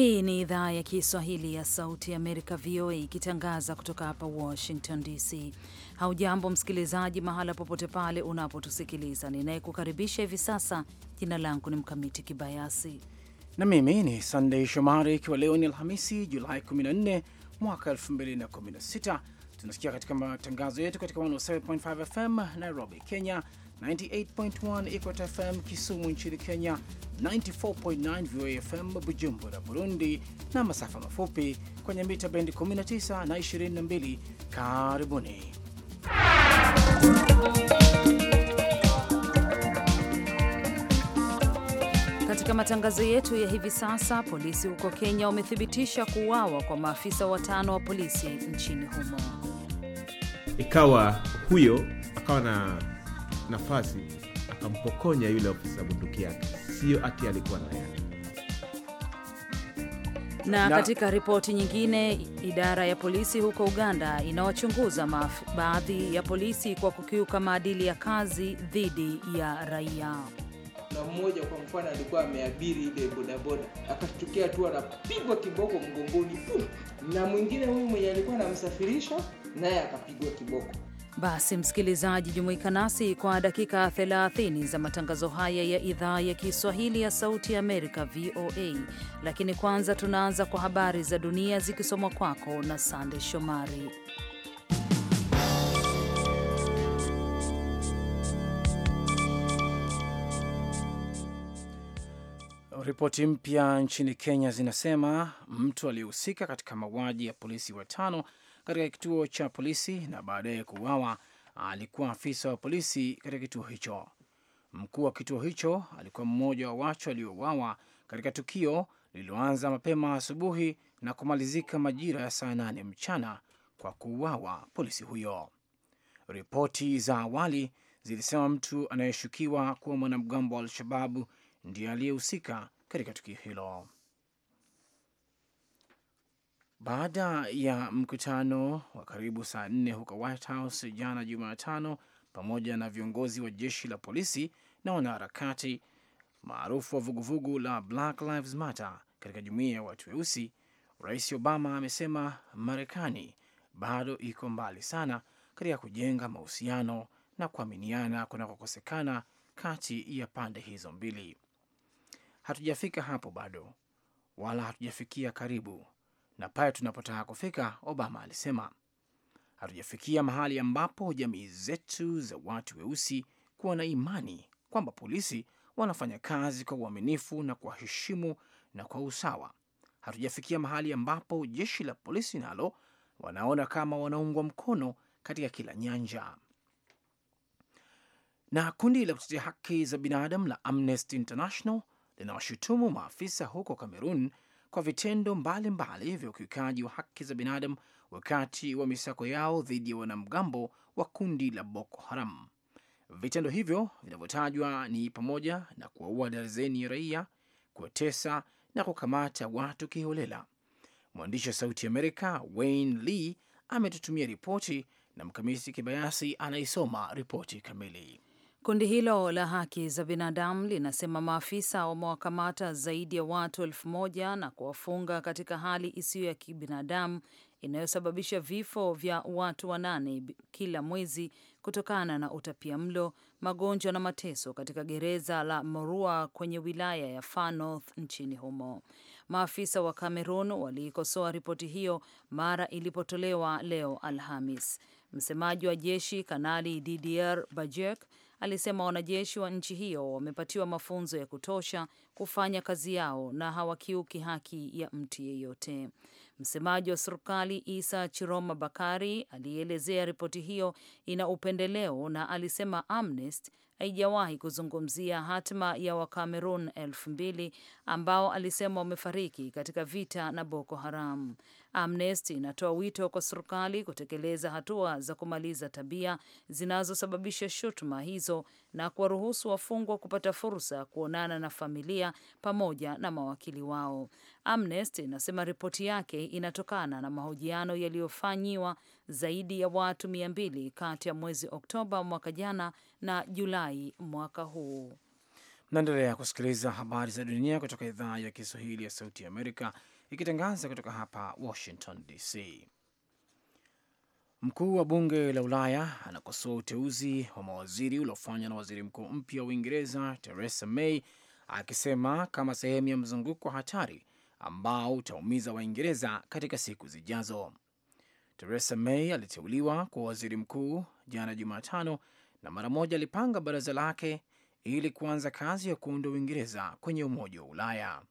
Hii ni idhaa ya Kiswahili ya Sauti ya Amerika, VOA, ikitangaza kutoka hapa Washington DC. Haujambo msikilizaji, mahala popote pale unapotusikiliza. Ninayekukaribisha hivi sasa, jina langu ni Mkamiti Kibayasi na mimi ni Sandei Shomari. Ikiwa leo ni Alhamisi, Julai 14 mwaka 2016, tunasikia katika matangazo yetu katika 107.5 FM Nairobi, Kenya 98.1 Equat FM Kisumu nchini Kenya, 94.9 VOA FM Bujumbura Burundi, na masafa mafupi kwenye mita bendi 19 na 22. Karibuni katika matangazo yetu ya hivi sasa. Polisi huko Kenya wamethibitisha kuuawa kwa maafisa watano wa polisi nchini humo, ikawa huyo akawa na nafasi akampokonya yule ofisa bunduki yake, sio ati alikuwa na yake. Na, na katika ripoti nyingine, idara ya polisi huko Uganda inawachunguza baadhi ya polisi kwa kukiuka maadili ya kazi dhidi ya raia. Na mmoja kwa mfano alikuwa ameabiri ile bodaboda, akashtukia tu anapigwa kiboko mgongoni tu, na mwingine huyu mwenye alikuwa anamsafirisha naye akapigwa kiboko basi msikilizaji, jumuika nasi kwa dakika 30 za matangazo haya ya idhaa ya Kiswahili ya Sauti ya Amerika, VOA. Lakini kwanza tunaanza kwa habari za dunia zikisomwa kwako na Sande Shomari. Ripoti mpya nchini Kenya zinasema mtu aliyehusika katika mauaji ya polisi watano katika kituo cha polisi na baadaye kuuawa. Alikuwa afisa wa polisi katika kituo hicho. Mkuu wa kituo hicho alikuwa mmoja wa watu waliouawa katika tukio lililoanza mapema asubuhi na kumalizika majira ya saa nane mchana kwa kuuawa polisi huyo. Ripoti za awali zilisema mtu anayeshukiwa kuwa mwanamgambo wa Al-Shababu ndiye aliyehusika katika tukio hilo. Baada ya mkutano wa karibu saa nne huko White House jana Jumatano, pamoja na viongozi wa jeshi la polisi na wanaharakati maarufu wa vuguvugu la Black Lives Matter katika jumuiya ya watu weusi, Rais Obama amesema Marekani bado iko mbali sana katika kujenga mahusiano na kuaminiana kunakokosekana kati ya pande hizo mbili. Hatujafika hapo bado, wala hatujafikia karibu na pale tunapotaka kufika, Obama alisema, hatujafikia mahali ambapo jamii zetu za watu weusi kuwa na imani kwamba polisi wanafanya kazi kwa uaminifu na kwa heshimu na kwa usawa. Hatujafikia mahali ambapo jeshi la polisi nalo wanaona kama wanaungwa mkono katika kila nyanja. Na kundi la kutetea haki za binadamu la Amnesty International linawashutumu maafisa huko Kamerun kwa vitendo mbalimbali vya ukiukaji wa haki za binadamu wakati wa misako yao dhidi ya wanamgambo wa kundi la Boko Haram. Vitendo hivyo vinavyotajwa ni pamoja na kuwaua darzeni ya raia, kuwatesa na kukamata watu kiholela. Mwandishi wa Sauti Amerika Wayne Lee ametutumia ripoti na Mkamisi Kibayasi anaisoma ripoti kamili. Kundi hilo la haki za binadamu linasema maafisa wamewakamata zaidi ya watu elfu moja na kuwafunga katika hali isiyo ya kibinadamu inayosababisha vifo vya watu wanane kila mwezi kutokana na utapia mlo magonjwa na mateso katika gereza la Morua kwenye wilaya ya Far North nchini humo. Maafisa wa Cameroon waliikosoa ripoti hiyo mara ilipotolewa leo Alhamis. Msemaji wa jeshi Kanali Didier Bajek alisema wanajeshi wa nchi hiyo wamepatiwa mafunzo ya kutosha kufanya kazi yao na hawakiuki haki ya mtu yeyote. Msemaji wa serikali Isa Chiroma Bakari alielezea ripoti hiyo ina upendeleo na alisema Amnesty haijawahi kuzungumzia hatima ya Wakamerun elfu mbili ambao alisema wamefariki katika vita na Boko Haram. Amnesty inatoa wito kwa serikali kutekeleza hatua za kumaliza tabia zinazosababisha shutuma hizo na kuwaruhusu wafungwa kupata fursa ya kuonana na familia pamoja na mawakili wao. Amnesty inasema ripoti yake inatokana na mahojiano yaliyofanyiwa zaidi ya watu 200 kati ya mwezi Oktoba mwaka jana na Julai mwaka huu. Naendelea kusikiliza habari za dunia kutoka idhaa ya Kiswahili ya Sauti ya Amerika ikitangaza kutoka hapa Washington DC. Mkuu wa bunge la Ulaya anakosoa uteuzi wa mawaziri uliofanywa na waziri mkuu mpya wa Uingereza Theresa May akisema kama sehemu ya mzunguko wa hatari ambao utaumiza Waingereza katika siku zijazo. Theresa May aliteuliwa kuwa waziri mkuu jana Jumatano na mara moja alipanga baraza lake ili kuanza kazi ya kuunda Uingereza kwenye Umoja wa Ulaya.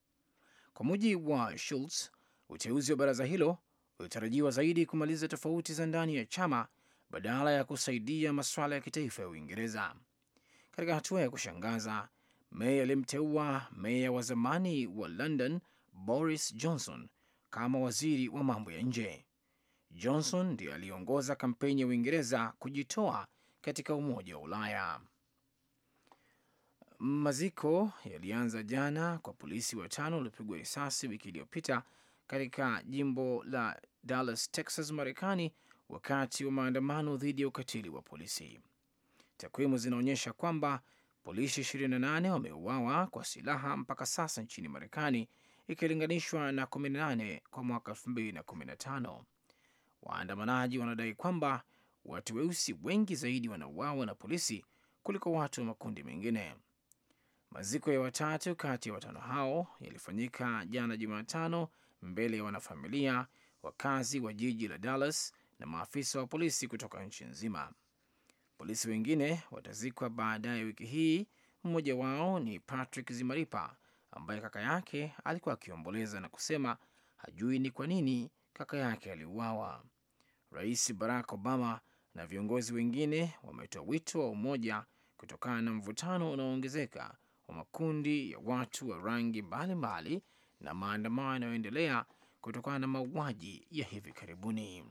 Kwa mujibu wa Schulz, uteuzi wa baraza hilo ulitarajiwa zaidi kumaliza tofauti za ndani ya chama badala ya kusaidia masuala ya kitaifa ya Uingereza. Katika hatua ya kushangaza, May alimteua meya wa zamani wa London Boris Johnson kama waziri wa mambo ya nje. Johnson ndiyo aliyeongoza kampeni ya Uingereza kujitoa katika Umoja wa Ulaya. Maziko yalianza jana kwa polisi watano waliopigwa risasi wiki iliyopita katika jimbo la Dallas, Texas, Marekani, wakati wa maandamano dhidi ya ukatili wa polisi. Takwimu zinaonyesha kwamba polisi 28 wameuawa kwa silaha mpaka sasa nchini Marekani, ikilinganishwa na 18 kwa mwaka 2015. Waandamanaji wanadai kwamba watu weusi wengi zaidi wanauawa na polisi kuliko watu wa makundi mengine. Maziko ya watatu kati ya watano hao yalifanyika jana Jumatano mbele ya wanafamilia, wakazi wa jiji la Dallas na maafisa wa polisi kutoka nchi nzima. Polisi wengine watazikwa baadaye wiki hii. Mmoja wao ni Patrick Zimaripa ambaye kaka yake alikuwa akiomboleza na kusema hajui ni kwa nini kaka yake aliuawa. Rais Barack Obama na viongozi wengine wametoa wito wa umoja kutokana na mvutano unaoongezeka wa makundi ya watu wa rangi mbalimbali na maandamano yanayoendelea kutokana na mauaji ya hivi karibuni.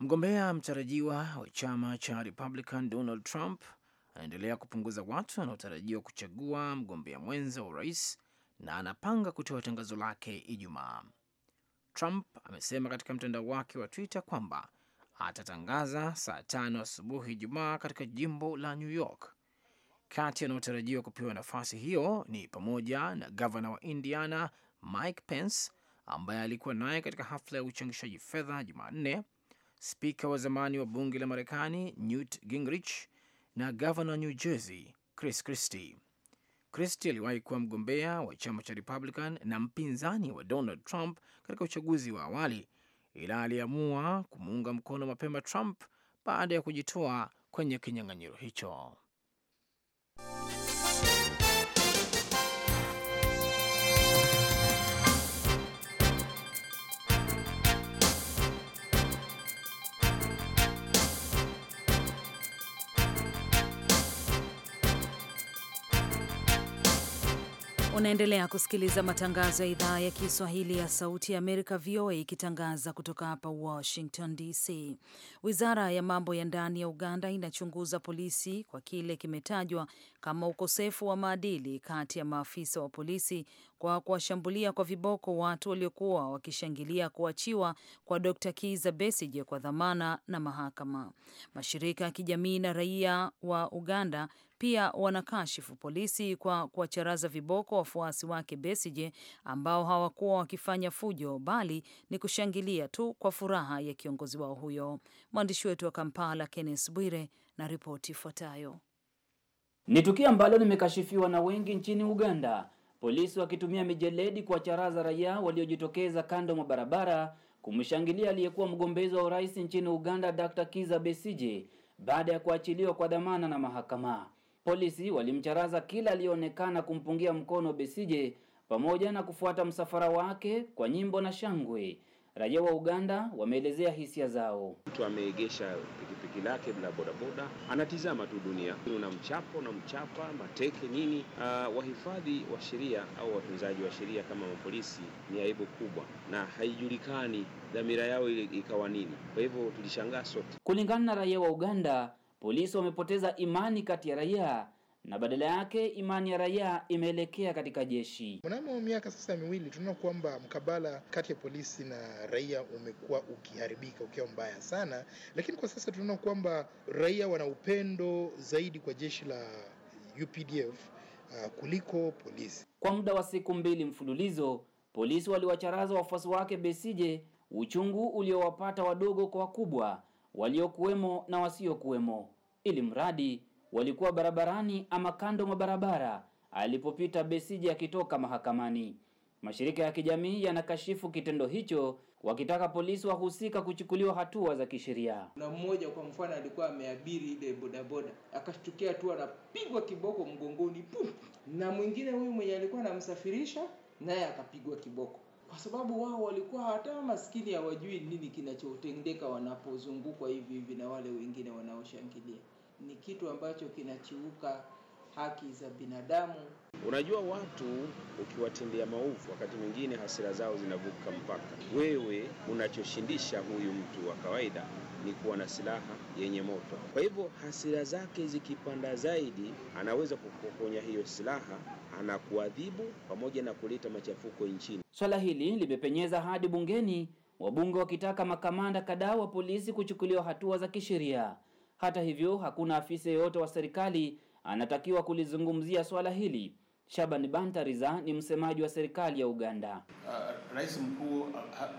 Mgombea mtarajiwa wa chama cha Republican Donald Trump anaendelea kupunguza watu wanaotarajiwa kuchagua mgombea mwenza wa urais na anapanga kutoa tangazo lake Ijumaa. Trump amesema katika mtandao wake wa Twitter kwamba atatangaza saa tano asubuhi Ijumaa katika jimbo la New York. Kati anaotarajiwa kupewa nafasi hiyo ni pamoja na gavana wa Indiana Mike Pence ambaye alikuwa naye katika hafla ya uchangishaji fedha Jumanne, spika wa zamani wa bunge la Marekani Newt Gingrich na gavana wa New Jersey Chris Christie. Christie aliwahi kuwa mgombea wa chama cha Republican na mpinzani wa Donald Trump katika uchaguzi wa awali, ila aliamua kumuunga mkono mapema Trump baada ya kujitoa kwenye kinyang'anyiro hicho. Unaendelea kusikiliza matangazo ya idhaa ya Kiswahili ya Sauti ya Amerika, VOA, ikitangaza kutoka hapa Washington DC. Wizara ya Mambo ya Ndani ya Uganda inachunguza polisi kwa kile kimetajwa kama ukosefu wa maadili kati ya maafisa wa polisi kwa kuwashambulia kwa viboko watu waliokuwa wakishangilia kuachiwa kwa Dr. Kiza Besije kwa dhamana na mahakama. Mashirika ya kijamii na raia wa Uganda pia wanakashifu polisi kwa kuwacharaza viboko wafuasi wake Besije ambao hawakuwa wakifanya fujo bali ni kushangilia tu kwa furaha ya kiongozi wao huyo. Mwandishi wetu wa Kampala Kenneth Bwire na ripoti ifuatayo. Ni tukio ambalo limekashifiwa na wengi nchini Uganda Polisi wakitumia mijeledi kuwacharaza raia waliojitokeza kando mwa barabara kumshangilia aliyekuwa mgombezi wa urais nchini Uganda Dr. Kiza Besije baada ya kuachiliwa kwa dhamana na mahakama. Polisi walimcharaza kila aliyoonekana kumpungia mkono Besije pamoja na kufuata msafara wake kwa nyimbo na shangwe. Raia wa Uganda wameelezea hisia zao. Mtu ameegesha begi lake la bodaboda, anatizama tu dunia, mchapo na mchapa mateke nini. Uh, wahifadhi wa sheria au watunzaji wa sheria kama mapolisi ni aibu kubwa, na haijulikani dhamira yao ile ikawa nini. Kwa hivyo tulishangaa sote. Kulingana na raia wa Uganda, polisi wamepoteza imani kati ya raia na badala yake imani ya raia imeelekea katika jeshi. Mnamo miaka sasa miwili, tunaona kwamba mkabala kati ya polisi na raia umekuwa ukiharibika, ukiwa mbaya sana, lakini kwa sasa tunaona kwamba raia wana upendo zaidi kwa jeshi la UPDF uh, kuliko polisi. Kwa muda wa siku mbili mfululizo, polisi waliwacharaza wafuasi wake Besije, uchungu uliowapata wadogo kwa wakubwa, waliokuwemo na wasiokuwemo, ili mradi walikuwa barabarani ama kando mwa barabara alipopita Besigye akitoka mahakamani. Mashirika ya kijamii yanakashifu kitendo hicho, wakitaka polisi wahusika kuchukuliwa hatua za kisheria. Kuna mmoja kwa mfano alikuwa ameabiri ile bodaboda, akashtukia tu anapigwa kiboko mgongoni pum, na mwingine huyu mwenye alikuwa anamsafirisha naye akapigwa kiboko, kwa sababu wao walikuwa hata maskini hawajui nini kinachotendeka wanapozungukwa hivi hivi na wale wengine wanaoshangilia ni kitu ambacho kinachiuka haki za binadamu. Unajua, watu ukiwatendea maovu, wakati mwingine hasira zao zinavuka mpaka. Wewe unachoshindisha huyu mtu wa kawaida ni kuwa na silaha yenye moto. Kwa hivyo hasira zake zikipanda zaidi, anaweza kukokonya hiyo silaha, anakuadhibu pamoja na kuleta machafuko nchini. Swala hili limepenyeza hadi bungeni, wabunge wakitaka makamanda kadhaa wa polisi kuchukuliwa hatua za kisheria. Hata hivyo, hakuna afisa yeyote wa serikali anatakiwa kulizungumzia swala hili. Shaban Bantariza ni msemaji wa serikali ya Uganda. Uh, rais mkuu uh,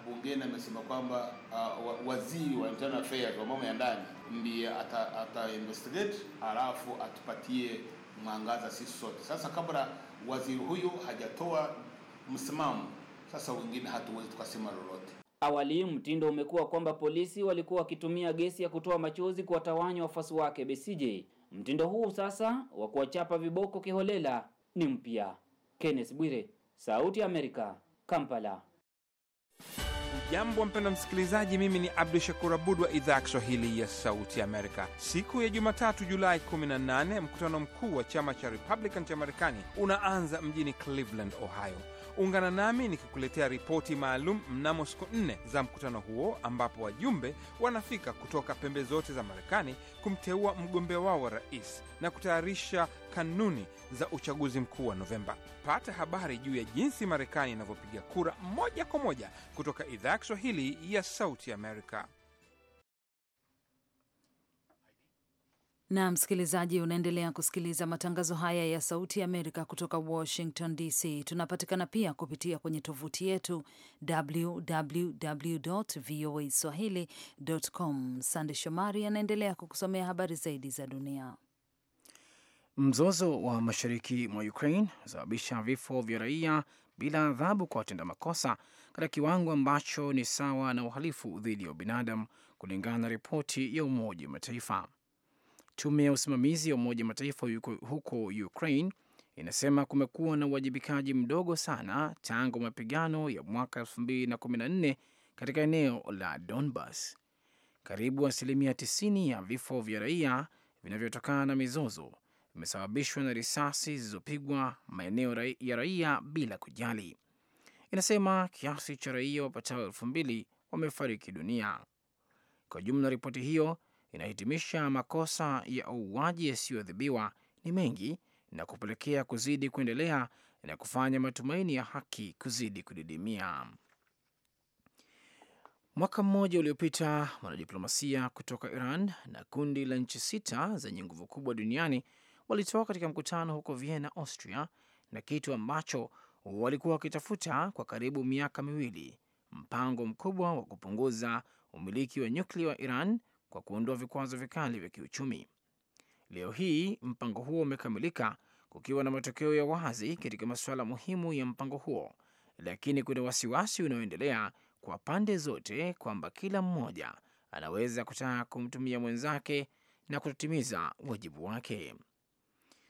bungeni amesema kwamba uh, waziri wa internal affairs wa mambo ya ndani ndiye ata, ata investigate alafu atupatie mwangaza sisi sote. Sasa kabla waziri huyu hajatoa msimamo, sasa wengine hatuwezi tukasema lolote. Awali mtindo umekuwa kwamba polisi walikuwa wakitumia gesi ya kutoa machozi kuwatawanya wafuasi wake Besigye. Mtindo huu sasa wa kuwachapa viboko kiholela ni mpya. Kenneth Bwire, Sauti ya Amerika, Kampala. Jambo mpendwa msikilizaji, mimi ni Abdu Shakur Abud wa idhaa ya Kiswahili ya Sauti ya Amerika. Siku ya Jumatatu, Julai 18, mkutano mkuu wa chama cha Republican cha Marekani unaanza mjini Cleveland, Ohio. Ungana nami nikikuletea ripoti maalum mnamo siku nne za mkutano huo, ambapo wajumbe wanafika kutoka pembe zote za Marekani kumteua mgombea wao wa rais na kutayarisha kanuni za uchaguzi mkuu wa Novemba. Pata habari juu ya jinsi Marekani inavyopiga kura moja kwa moja kutoka idhaa ya Kiswahili ya Sauti Amerika. na msikilizaji, unaendelea kusikiliza matangazo haya ya Sauti ya Amerika kutoka Washington DC. Tunapatikana pia kupitia kwenye tovuti yetu www voa swahili.com. Sande Shomari anaendelea kukusomea habari zaidi za dunia. Mzozo wa mashariki mwa Ukraine unasababisha vifo vya raia bila adhabu kwa watenda makosa katika kiwango ambacho ni sawa na uhalifu dhidi ya ubinadamu, kulingana na ripoti ya Umoja wa Mataifa. Tume ya usimamizi ya Umoja Mataifa yuko, huko Ukraine inasema kumekuwa na uwajibikaji mdogo sana tangu mapigano ya mwaka 2014 katika eneo la Donbas. Karibu asilimia 90 ya vifo vya raia vinavyotokana na mizozo vimesababishwa na risasi zilizopigwa maeneo ya raia bila kujali. Inasema kiasi cha raia wapatao elfu mbili wamefariki dunia. Kwa jumla, ripoti hiyo inahitimisha makosa ya uuaji yasiyoadhibiwa ni mengi na kupelekea kuzidi kuendelea na kufanya matumaini ya haki kuzidi kudidimia. Mwaka mmoja uliopita, wanadiplomasia kutoka Iran na kundi la nchi sita zenye nguvu kubwa duniani walitoka katika mkutano huko Vienna, Austria, na kitu ambacho walikuwa wakitafuta kwa karibu miaka miwili, mpango mkubwa wa kupunguza umiliki wa nyuklia wa Iran kwa kuondoa vikwazo vikali vya kiuchumi. Leo hii mpango huo umekamilika kukiwa na matokeo ya wazi katika masuala muhimu ya mpango huo, lakini kuna wasiwasi unaoendelea kwa pande zote kwamba kila mmoja anaweza kutaka kumtumia mwenzake na kutotimiza wajibu wake.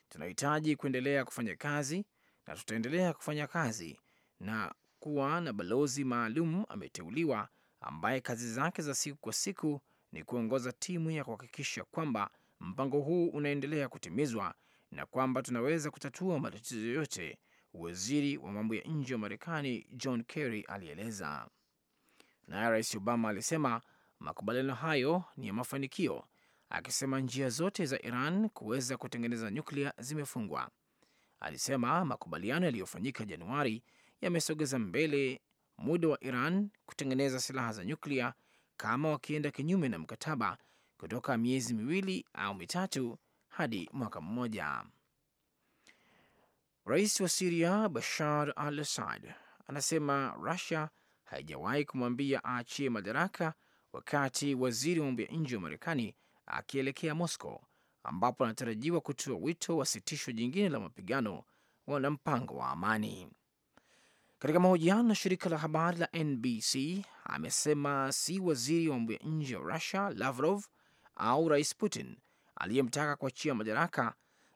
Tunahitaji kuendelea kufanya kazi na tutaendelea kufanya kazi na kuwa na balozi maalum ameteuliwa, ambaye kazi zake za siku kwa siku ni kuongoza timu ya kuhakikisha kwamba mpango huu unaendelea kutimizwa na kwamba tunaweza kutatua matatizo yote, waziri wa mambo ya nje wa Marekani John Kerry alieleza. Naye Rais Obama alisema makubaliano hayo ni ya mafanikio, akisema njia zote za Iran kuweza kutengeneza nyuklia zimefungwa. Alisema makubaliano yaliyofanyika Januari yamesogeza mbele muda wa Iran kutengeneza silaha za nyuklia kama wakienda kinyume na mkataba kutoka miezi miwili au mitatu hadi mwaka mmoja. Rais wa Siria Bashar al Assad anasema Rusia haijawahi kumwambia aachie madaraka, wakati waziri wa mambo ya nje wa Marekani akielekea Moscow ambapo anatarajiwa kutoa wito wa sitisho jingine la mapigano na mpango wa amani. Katika mahojiano na shirika la habari la NBC amesema si waziri wa mambo ya nje wa Russia Lavrov au Rais Putin aliyemtaka kuachia madaraka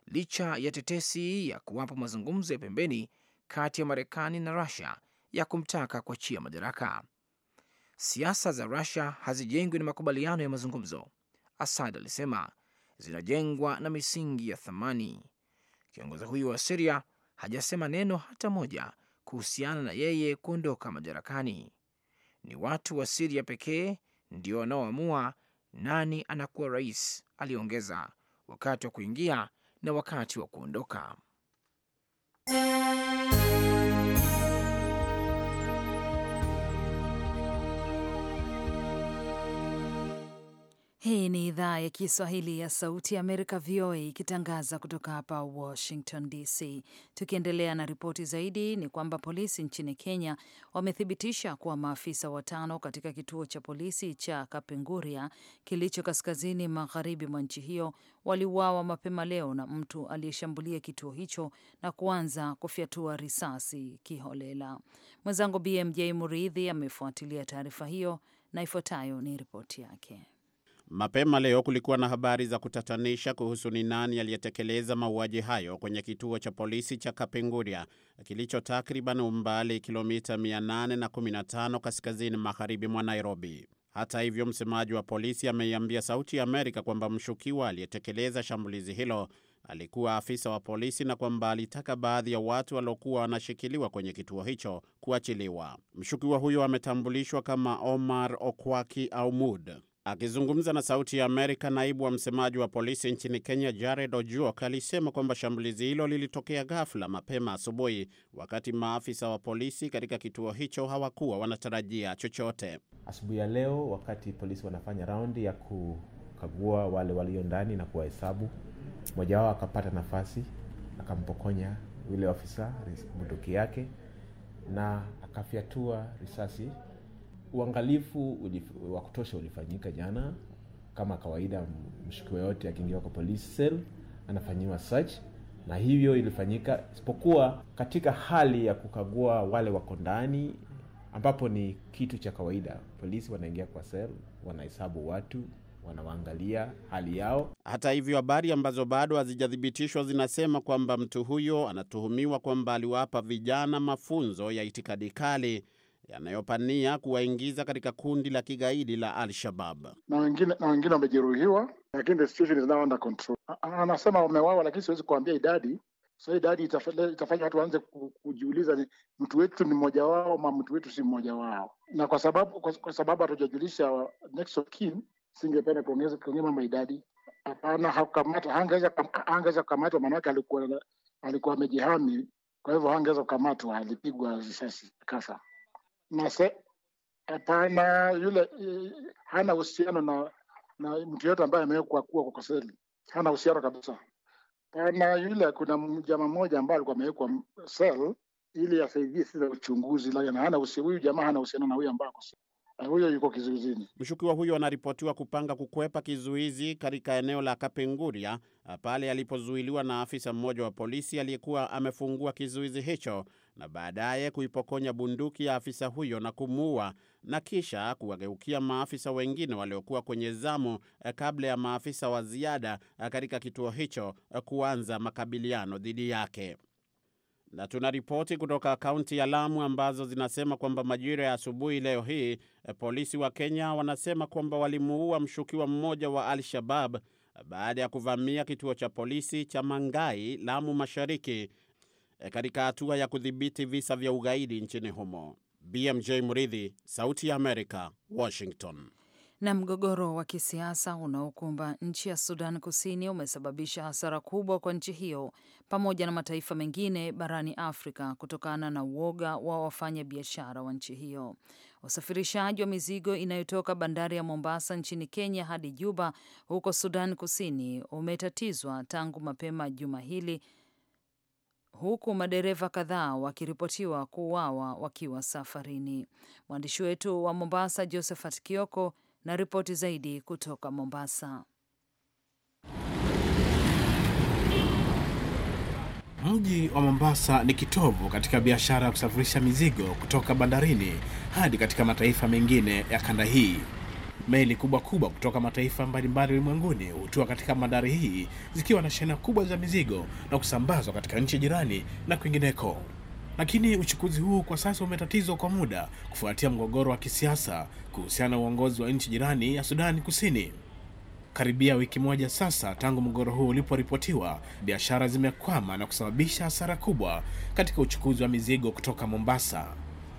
licha ya tetesi ya kuwapo mazungumzo ya pembeni kati ya Marekani na Russia ya kumtaka kuachia madaraka. Siasa za Russia hazijengwi na makubaliano ya mazungumzo, Assad alisema, zinajengwa na misingi ya thamani. Kiongozi huyo wa Siria hajasema neno hata moja kuhusiana na yeye kuondoka madarakani. Ni watu wa Siria pekee ndio wanaoamua nani anakuwa rais, aliongeza, wakati wa kuingia na wakati wa kuondoka. Hii ni idhaa ya Kiswahili ya Sauti ya Amerika, VOA, ikitangaza kutoka hapa Washington DC. Tukiendelea na ripoti zaidi, ni kwamba polisi nchini Kenya wamethibitisha kuwa maafisa watano katika kituo cha polisi cha Kapenguria kilicho kaskazini magharibi mwa nchi hiyo waliuawa mapema leo na mtu aliyeshambulia kituo hicho na kuanza kufyatua risasi kiholela. Mwenzangu BMJ Muridhi amefuatilia taarifa hiyo na ifuatayo ni ripoti yake. Mapema leo kulikuwa na habari za kutatanisha kuhusu ni nani aliyetekeleza mauaji hayo kwenye kituo cha polisi cha Kapenguria kilicho takriban umbali kilomita 815 kaskazini magharibi mwa Nairobi. Hata hivyo, msemaji wa polisi ameiambia Sauti ya Amerika kwamba mshukiwa aliyetekeleza shambulizi hilo alikuwa afisa wa polisi na kwamba alitaka baadhi ya watu waliokuwa wanashikiliwa kwenye kituo hicho kuachiliwa. Mshukiwa huyo ametambulishwa kama Omar Okwaki Aumud. Akizungumza na Sauti ya Amerika, naibu wa msemaji wa polisi nchini Kenya Jared Ojuok alisema kwamba shambulizi hilo lilitokea ghafla mapema asubuhi, wakati maafisa wa polisi katika kituo hicho hawakuwa wanatarajia chochote. Asubuhi ya leo, wakati polisi wanafanya raundi ya kukagua wale walio ndani na kuwahesabu, mmoja wao akapata nafasi akampokonya yule afisa bunduki yake na akafyatua risasi Uangalifu wa kutosha ulifanyika jana. Kama kawaida, mshukiwa yote akiingia kwa police cell anafanyiwa search, na hivyo ilifanyika, isipokuwa katika hali ya kukagua wale wako ndani, ambapo ni kitu cha kawaida. Polisi wanaingia kwa sel, wanahesabu watu wanawaangalia hali yao. Hata hivyo, habari ambazo bado hazijathibitishwa zinasema kwamba mtu huyo anatuhumiwa kwamba aliwapa vijana mafunzo ya itikadi kali yanayopania kuwaingiza katika kundi la kigaidi la Al-Shabab. Na wengine na wengine wamejeruhiwa, lakini the situation is now under control. Anasema wamewawa, lakini siwezi kuambia idadi. So idadi itafanya watu waanze kujiuliza ni mtu wetu ni mmoja wao ama mtu wetu si mmoja wao, na kwa sababu kwa, kwa sababu hatujajulisha next of kin, singependa kuongeza kuongea mambo idadi. Hapana, hakukamata, hangeweza kukamatwa, maanake alikuwa alikuwa amejihami, kwa hivyo hangeweza kukamatwa, alipigwa risasi kafa. Nase, hapana, yule hana uhusiano na na mtu yote ambaye amewekwa kuwa kwa seli, hana uhusiano kabisa. Pana yule, kuna jamaa mmoja ambaye alikuwa amewekwa sel ili asaidie sisi uchunguzi, lakini hana uhusiano. Huyu jamaa hana uhusiano na huyu ambaye huyo yuko kizuizini. Mshukiwa huyo anaripotiwa kupanga kukwepa kizuizi katika eneo la Kapenguria ah, pale alipozuiliwa na afisa mmoja wa polisi aliyekuwa amefungua kizuizi hicho na baadaye kuipokonya bunduki ya afisa huyo na kumuua na kisha kuwageukia maafisa wengine waliokuwa kwenye zamu eh, kabla ya maafisa wa ziada eh, katika kituo hicho eh, kuanza makabiliano dhidi yake na tuna ripoti kutoka kaunti ya Lamu ambazo zinasema kwamba majira ya asubuhi leo hii eh, polisi wa Kenya wanasema kwamba walimuua mshukiwa mmoja wa Al-Shabab eh, baada ya kuvamia kituo cha polisi cha Mangai, Lamu Mashariki, eh, katika hatua ya kudhibiti visa vya ugaidi nchini humo. BMJ Muridhi, Sauti ya Amerika, Washington. Na mgogoro wa kisiasa unaokumba nchi ya Sudan Kusini umesababisha hasara kubwa kwa nchi hiyo pamoja na mataifa mengine barani Afrika kutokana na uoga wa wafanya biashara wa nchi hiyo. Usafirishaji wa mizigo inayotoka bandari ya Mombasa nchini Kenya hadi Juba huko Sudan Kusini umetatizwa tangu mapema juma hili huku madereva kadhaa wakiripotiwa kuuawa wakiwa safarini. Mwandishi wetu wa Mombasa, Josephat Kioko, na ripoti zaidi kutoka Mombasa. Mji wa Mombasa ni kitovu katika biashara ya kusafirisha mizigo kutoka bandarini hadi katika mataifa mengine ya kanda hii. Meli kubwa kubwa kutoka mataifa mbalimbali ulimwenguni hutua katika bandari hii zikiwa na shehena kubwa za mizigo na kusambazwa katika nchi jirani na kwingineko. Lakini uchukuzi huu kwa sasa umetatizwa kwa muda kufuatia mgogoro wa kisiasa kuhusiana na uongozi wa nchi jirani ya Sudani Kusini. Karibia wiki moja sasa tangu mgogoro huu uliporipotiwa, biashara zimekwama na kusababisha hasara kubwa katika uchukuzi wa mizigo kutoka Mombasa.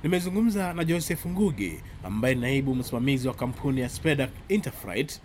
Nimezungumza na Joseph Ngugi ambaye naibu msimamizi wa kampuni ya Spedak Interfreight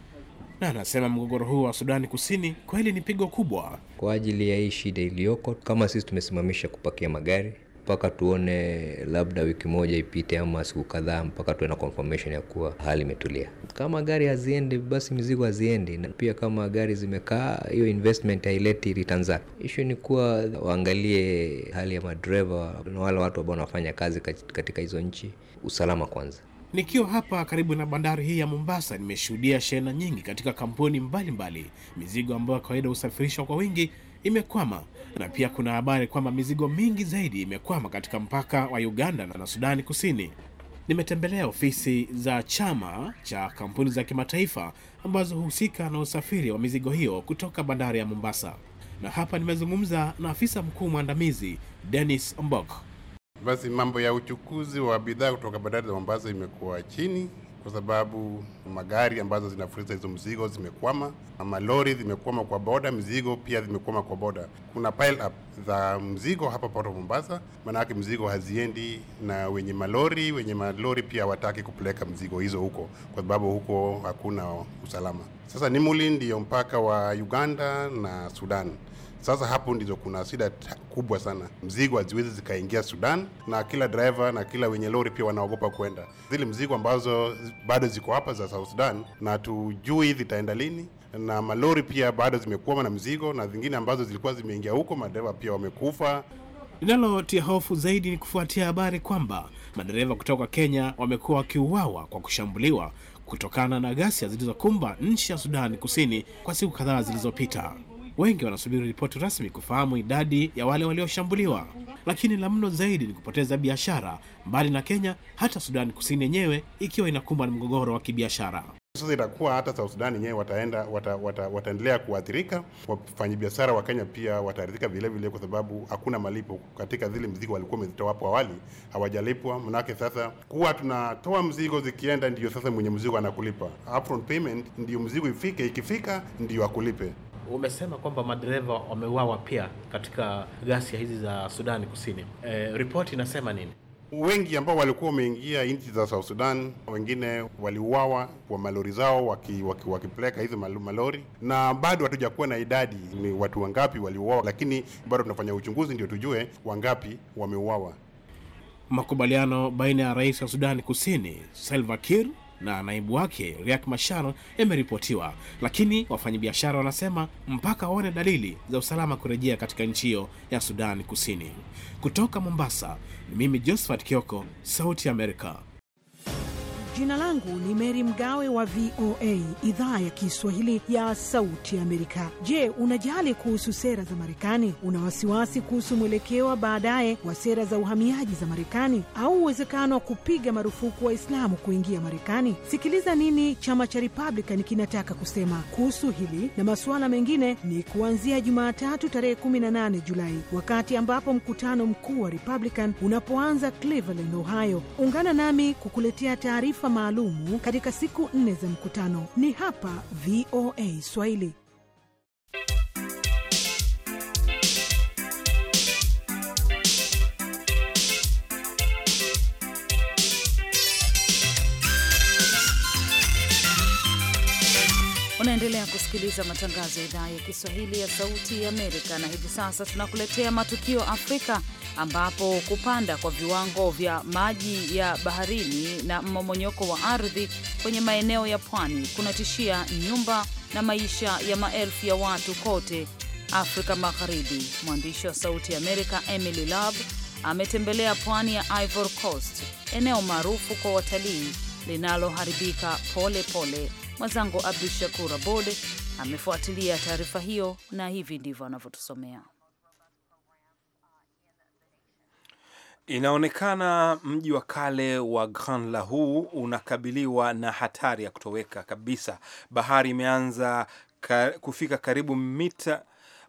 na anasema mgogoro huu wa Sudani Kusini kweli ni pigo kubwa kwa ajili ya hii shida iliyoko. Kama sisi tumesimamisha kupakia magari, mpaka tuone labda wiki moja ipite ama siku kadhaa mpaka tuwe na confirmation ya kuwa hali imetulia. Kama gari haziendi, basi mizigo haziendi, na pia kama gari zimekaa, hiyo investment haileti return zake. Issue ni kuwa waangalie hali ya madereva na wale watu ambao wanafanya kazi katika hizo nchi, usalama kwanza. Nikiwa hapa karibu na bandari hii ya Mombasa, nimeshuhudia shehena nyingi katika kampuni mbalimbali mbali. Mizigo ambayo kawaida husafirishwa kwa wingi imekwama, na pia kuna habari kwamba mizigo mingi zaidi imekwama katika mpaka wa Uganda na Sudani Kusini. Nimetembelea ofisi za chama cha kampuni za kimataifa ambazo husika na usafiri wa mizigo hiyo kutoka bandari ya Mombasa, na hapa nimezungumza na afisa mkuu mwandamizi Dennis Ombok. Basi mambo ya uchukuzi wa bidhaa kutoka bandari za Mombasa imekuwa chini kwa sababu magari ambazo zinafurisha hizo mzigo zimekwama, na malori zimekwama kwa boda, mzigo pia zimekwama kwa boda. Kuna pile up za mzigo hapa Port of Mombasa, maanake mzigo haziendi, na wenye malori wenye malori pia hawataki kupeleka mzigo hizo huko kwa sababu huko hakuna usalama. Sasa Nimuli ndiyo mpaka wa Uganda na Sudan. Sasa hapo ndizo kuna shida kubwa sana, mzigo haziwezi zikaingia Sudan, na kila driver na kila wenye lori pia wanaogopa kwenda zile mzigo ambazo bado ziko hapa za South Sudan, na tujui zitaenda lini na malori pia bado zimekwama na mzigo, na zingine ambazo zilikuwa zimeingia huko, madereva pia wamekufa. Linalotia hofu zaidi ni kufuatia habari kwamba madereva kutoka Kenya wamekuwa wakiuawa kwa kushambuliwa kutokana na ghasia zilizokumba nchi ya Sudani Kusini kwa siku kadhaa zilizopita. Wengi wanasubiri ripoti rasmi kufahamu idadi ya wale walioshambuliwa, lakini la mno zaidi ni kupoteza biashara, mbali na Kenya, hata Sudani Kusini yenyewe ikiwa inakumbwa na mgogoro wa kibiashara. Sasa itakuwa hata South Sudan yenyewe wataenda wata, wata, wataendelea kuathirika. Wafanyabiashara wa Kenya pia wataathirika vile vile, kwa sababu hakuna malipo katika zile mzigo walikuwa wamezitoa hapo awali, hawajalipwa. Manake sasa kuwa tunatoa mzigo zikienda, ndio sasa mwenye mzigo anakulipa ndio payment, mzigo ifike, ikifika ndiyo akulipe. Umesema kwamba madereva wameuawa pia katika ghasia hizi za Sudani Kusini. E, ripoti inasema nini? Wengi ambao walikuwa wameingia nchi za South Sudan, wengine waliuawa kwa malori zao wakipeleka waki, waki hizi malori, na bado hatujakuwa na idadi ni watu wangapi waliuawa, lakini bado tunafanya uchunguzi ndio tujue wangapi wameuawa. Makubaliano baina ya rais wa Sudani Kusini Salva Kiir na naibu wake Riek Machar imeripotiwa, lakini wafanyabiashara wanasema mpaka waone dalili za usalama kurejea katika nchi hiyo ya Sudani Kusini. Kutoka Mombasa, ni mimi Josephat Kioko, Sauti ya Amerika. Jina langu ni Meri Mgawe wa VOA idhaa ya Kiswahili ya Sauti ya Amerika. Je, unajali kuhusu sera za Marekani? Una wasiwasi kuhusu mwelekeo wa baadaye wa sera za uhamiaji za Marekani au uwezekano wa kupiga marufuku Waislamu kuingia Marekani? Sikiliza nini chama cha Republican kinataka kusema kuhusu hili na masuala mengine, ni kuanzia Jumatatu tarehe 18 Julai, wakati ambapo mkutano mkuu wa Republican unapoanza Cleveland, Ohio. Ungana nami kukuletea taarifa maalumu katika siku nne za mkutano. Ni hapa VOA Swahili. Unaendelea kusikiliza matangazo ya idhaa ya Kiswahili ya Sauti ya Amerika, na hivi sasa tunakuletea matukio Afrika ambapo kupanda kwa viwango vya maji ya baharini na mmomonyoko wa ardhi kwenye maeneo ya pwani kunatishia nyumba na maisha ya maelfu ya watu kote Afrika Magharibi. Mwandishi wa Sauti ya Amerika Emily lab ametembelea pwani ya Ivory Coast, eneo maarufu kwa watalii linaloharibika pole pole. Mwenzangu Abdu Shakur Abod amefuatilia taarifa hiyo na hivi ndivyo anavyotusomea. Inaonekana mji wa kale wa Grand Lahou unakabiliwa na hatari ya kutoweka kabisa. Bahari imeanza kufika karibu mita,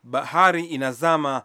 bahari inazama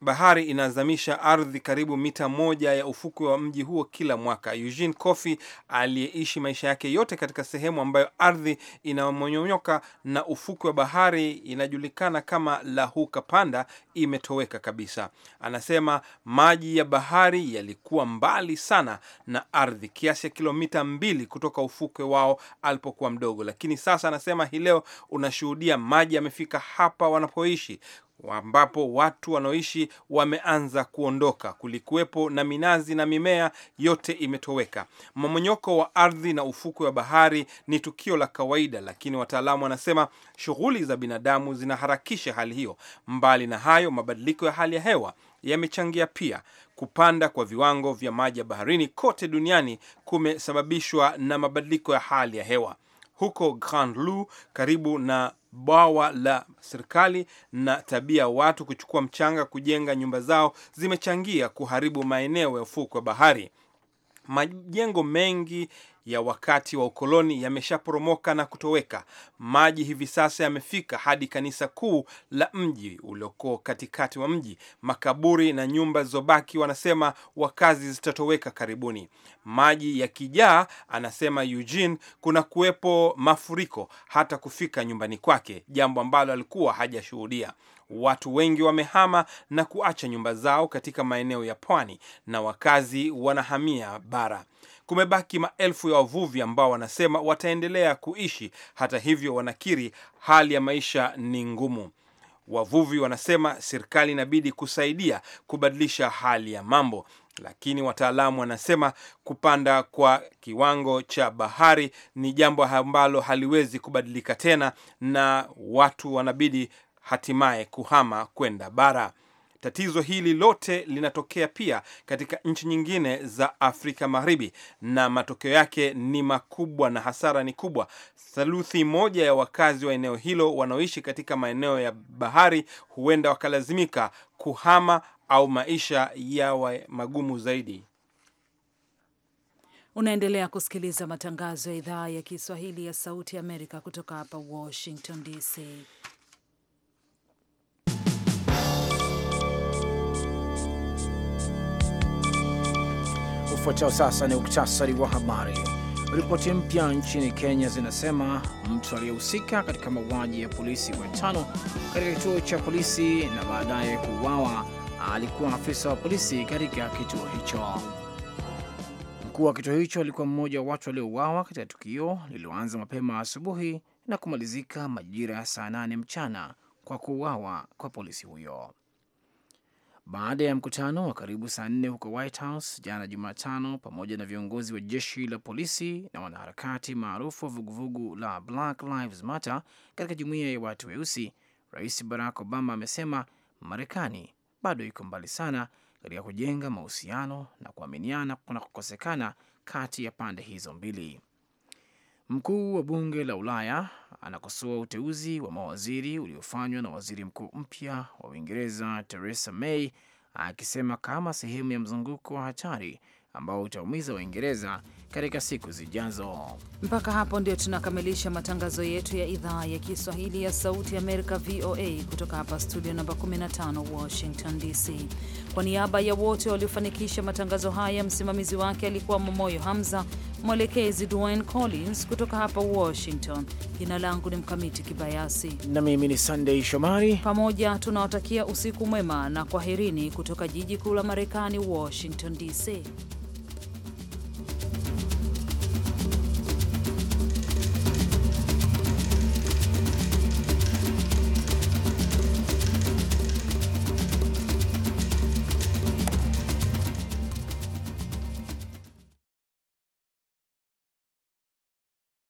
bahari inazamisha ardhi karibu mita moja ya ufukwe wa mji huo kila mwaka. Eugene Coffey aliyeishi maisha yake yote katika sehemu ambayo ardhi inamonyonyoka na ufukwe wa bahari inajulikana kama Lahuka Panda imetoweka kabisa, anasema maji ya bahari yalikuwa mbali sana na ardhi, kiasi ya kilomita mbili kutoka ufukwe wao alipokuwa mdogo, lakini sasa anasema hii leo unashuhudia maji yamefika hapa wanapoishi ambapo watu wanaoishi wameanza kuondoka. Kulikuwepo na minazi na mimea yote imetoweka. Mmomonyoko wa ardhi na ufukwe wa bahari ni tukio la kawaida, lakini wataalamu wanasema shughuli za binadamu zinaharakisha hali hiyo. Mbali na hayo, mabadiliko ya hali ya hewa yamechangia pia. Kupanda kwa viwango vya maji ya baharini kote duniani kumesababishwa na mabadiliko ya hali ya hewa. Huko Grand Lu karibu na bwawa la serikali na tabia watu kuchukua mchanga kujenga nyumba zao zimechangia kuharibu maeneo ya ufukwe wa bahari majengo mengi ya wakati wa ukoloni yameshaporomoka na kutoweka. Maji hivi sasa yamefika hadi kanisa kuu la mji ulioko katikati wa mji. Makaburi na nyumba zilizobaki, wanasema wakazi, zitatoweka karibuni. Maji yakijaa, anasema Eugene, kuna kuwepo mafuriko hata kufika nyumbani kwake, jambo ambalo alikuwa hajashuhudia. Watu wengi wamehama na kuacha nyumba zao katika maeneo ya pwani na wakazi wanahamia bara. Kumebaki maelfu ya wavuvi ambao wanasema wataendelea kuishi. Hata hivyo, wanakiri hali ya maisha ni ngumu. Wavuvi wanasema serikali inabidi kusaidia kubadilisha hali ya mambo, lakini wataalamu wanasema kupanda kwa kiwango cha bahari ni jambo ambalo haliwezi kubadilika tena, na watu wanabidi hatimaye kuhama kwenda bara. Tatizo hili lote linatokea pia katika nchi nyingine za Afrika Magharibi, na matokeo yake ni makubwa na hasara ni kubwa. Theluthi moja ya wakazi wa eneo hilo wanaoishi katika maeneo ya bahari huenda wakalazimika kuhama au maisha yawe magumu zaidi. Unaendelea kusikiliza matangazo ya idhaa ya Kiswahili ya Sauti ya Amerika kutoka hapa Washington DC. Ufuatao sasa ni uktasari wa habari. Ripoti mpya nchini Kenya zinasema mtu aliyehusika katika mauaji ya polisi watano katika kituo cha polisi na baadaye kuuawa alikuwa afisa wa polisi katika kituo hicho. Mkuu wa kituo hicho alikuwa mmoja wa watu waliouawa katika tukio lililoanza mapema asubuhi na kumalizika majira ya saa nane mchana kwa kuuawa kwa polisi huyo baada ya mkutano wa karibu saa nne huko White House jana Jumatano, pamoja na viongozi wa jeshi la polisi na wanaharakati maarufu wa vuguvugu la Black Lives Matter katika jumuiya ya watu weusi, Rais Barack Obama amesema Marekani bado iko mbali sana katika kujenga mahusiano na kuaminiana kukosekana kati ya pande hizo mbili. Mkuu wa bunge la Ulaya anakosoa uteuzi wa mawaziri uliofanywa na waziri mkuu mpya wa Uingereza Theresa May akisema kama sehemu ya mzunguko wa hatari ambao utaumiza Waingereza katika siku zijazo. Mpaka hapo ndio tunakamilisha matangazo yetu ya idhaa ya Kiswahili ya Sauti ya Amerika, VOA, kutoka hapa studio namba 15 Washington DC. Kwa niaba ya wote waliofanikisha matangazo haya, msimamizi wake alikuwa Momoyo Hamza, Mwelekezi Dwayne Collins kutoka hapa Washington. Jina langu ni Mkamiti Kibayasi na mimi ni Sandei Shomari. Pamoja tunawatakia usiku mwema na kwaherini kutoka jiji kuu la Marekani, Washington DC.